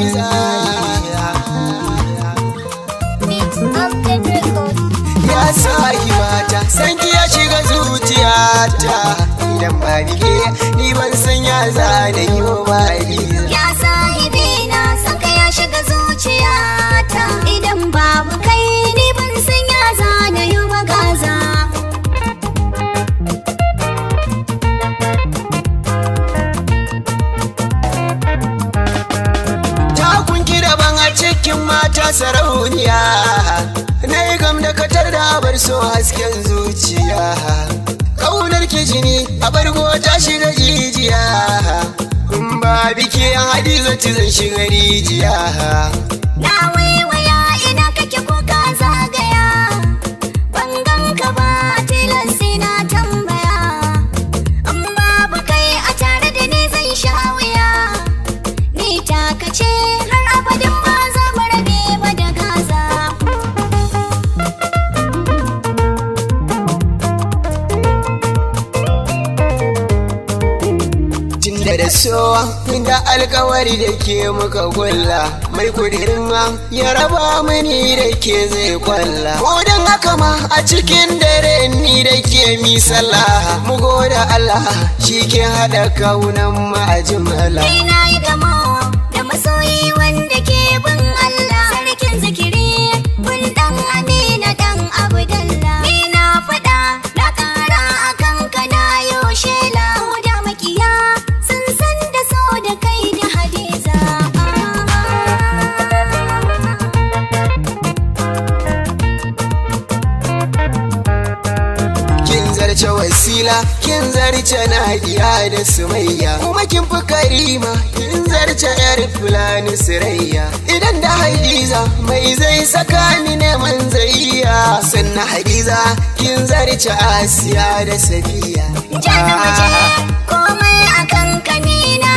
Ya sahi mata, sanki ya shiga zuciyata, idan ba ni ban san ya zanayi sarauniya na yi gam da katar da bar so hasken zuciya ƙaunar ki jini a bargo ta shiga jijiya ba biki a hadiza zan shiga rijiya na waiwaya da sowa inda alkawari da ke muka kulla mai kudirin ya raba mani da ke zai kwalla ko don haka ma a cikin dare ni da ke mi sallah mu goda Allah shi ke haɗa kaunan ma a jimala. yi gamo da masoyi wanda ke bu ce wasila kin zarce nadiya da sumayya kuma kin fi karima kin zarce yar fulani sirayya idan da hadiza mai zai saka ni neman zaiya sannan hadiza kin zarce asiya da safiya komai akan kanina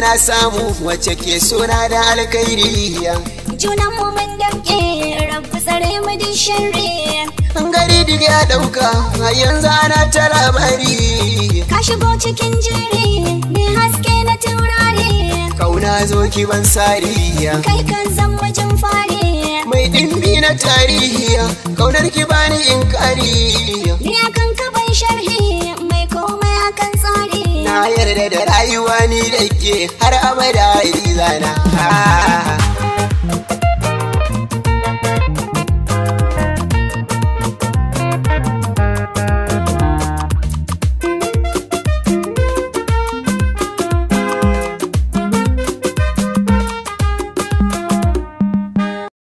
na samu wacce ke suna da alkairi junan mu mun dauke, rabu tsare mu din sharri gari duk ya dauka yanzu ana ta labari ka shigo cikin jiri ne haske na taurari kauna zo ki ban sariya kai kan zan wajen fari mai dimbi na tarihi kaunar ki bani in kari ni akan ka ban sharhi mai komai akan tsari na yarda da ni da ke har abada na?